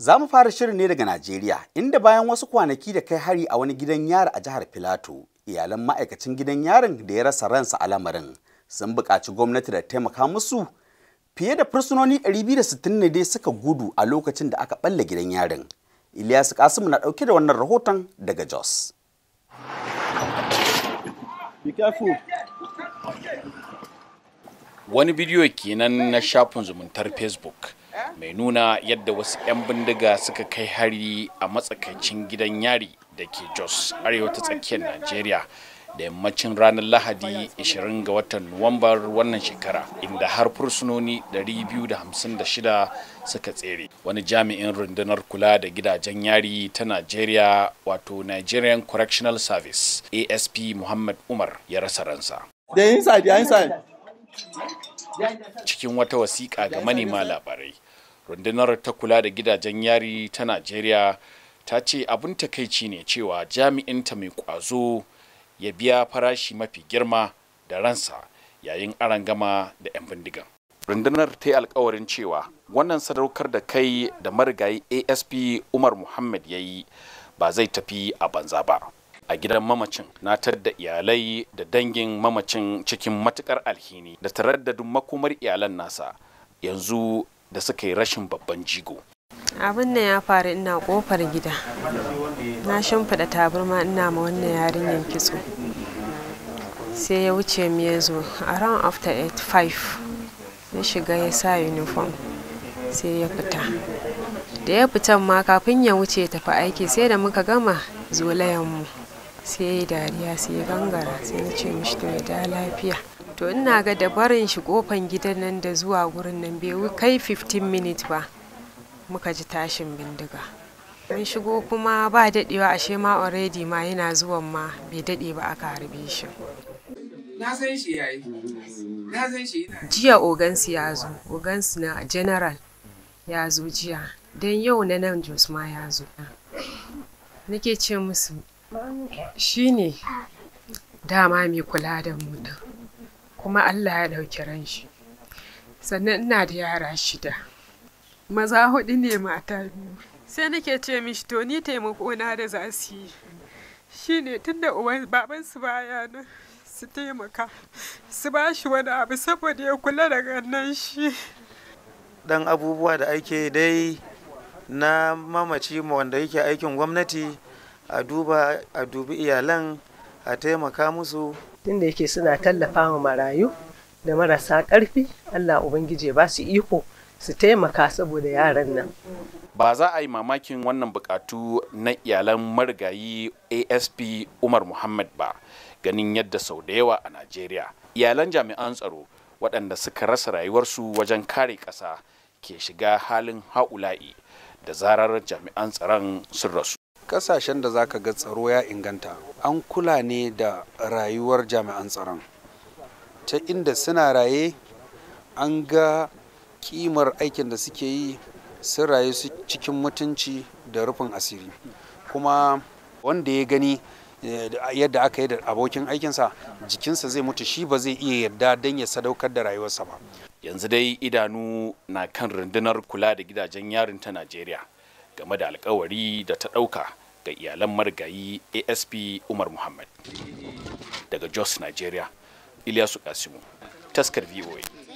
Za mu fara shirin ne daga Najeriya, inda bayan wasu kwanaki da kai hari a wani gidan yari a jihar Filato, iyalan ma'aikacin gidan yarin da ya rasa ransa a lamarin sun buƙaci gwamnati da taimaka musu. Fiye da fursunoni 260 ne dai suka gudu a lokacin da aka ɓalla gidan yarin. Ilyasu Kasimu na ɗauke da wannan rahoton daga Jos. Wani bidiyo kenan na shafin zumuntar Facebook. mai nuna yadda wasu 'yan bindiga suka kai hari a matsakaicin gidan yari da ke jos arewa ta tsakiyar najeriya da yammacin ranar lahadi 20 ga watan nuwambar wannan shekara inda har fursunoni 256 suka tsere wani jami'in rundunar kula da gidajen yari ta najeriya wato nigerian correctional service asp muhammad umar ya rasa ransa cikin wata wasiƙa ga manema labarai rundunar ta kula da gidajen yari ta najeriya ta ce abin takaici ne cewa jami'inta mai ƙwazo ya biya farashi mafi girma da ransa yayin gama da 'yan bindigan rundunar ta yi alkawarin cewa wannan sadaukar da kai da marigayi asp umar muhammad ya yi ba zai tafi a banza ba a gidan mamacin na da iyalai da dangin mamacin cikin matukar alhini da taraddadin makomar iyalan nasa yanzu da suka yi rashin babban jigo abin nan ya faru ina kofar gida na shimfiɗa taburma ina ma wannan yarinyar kitso sai ya wuce mu ya zo around after 8:5 ya shiga ya sa uniform sai ya fita da ya fitan ma kafin ya wuce tafi aiki sai da muka gama zolayen mu sai ya yi dariya sai ya gangara sai na ce mishi to ya da lafiya to ina ga da barin shi kofan gidan nan da zuwa gurin nan bai kai 15 minutes ba muka ji tashin bindiga mun shigo kuma ba dadewa ashe ma already ma yana zuwan ma bai dade ba aka harbe shi na san shi yayi na san shi jiya ogansu ya zo ogansu na general ya zo jiya dan yau na nan jos ma ya zo nake ce musu Shi ne dama mai kula da mu ɗin, kuma Allah ya ɗauki ran shi. Sannan ina da yara shida. Maza huɗu ne mata biyu. Sai nake ce mishi to ni taimako na da za su yi. Shi ne tun da su baya nan su taimaka su ba shi wani abu saboda ya kula da gannan shi. Ɗan abubuwa da ake dai na mamaci wanda yake aikin gwamnati. a duba a dubi iyalan a taimaka musu tunda yake suna tallafa wa marayu da marasa ƙarfi Allah Ubangiji ba su iko su taimaka saboda yaran nan. Ba za a yi mamakin wannan bukatu na iyalan marigayi ASP Umar Muhammad ba ganin yadda sau da yawa a Najeriya. Iyalan jami'an tsaro waɗanda suka rasa rayuwarsu wajen kare ƙasa ke shiga halin ha'ula'i da zarar jami'an tsaron sun rasu. kasashen da zaka ga tsaro ya inganta an kula ne da rayuwar jami'an tsaron ta inda suna raye an ga kimar aikin da suke yi sun rayu cikin mutunci da rufin asiri kuma wanda ya gani eh, yadda aka yi da abokin aikinsa jikinsa zai mutu shi ba zai iya yarda don ya sadaukar da rayuwarsa ba yanzu dai idanu na kan rundunar kula da gidajen yarin ta najeriya game da alkawari da ta ɗauka ga iyalan marigayi asp umar muhammad daga jos nigeria ilyasu kasimu taskar voa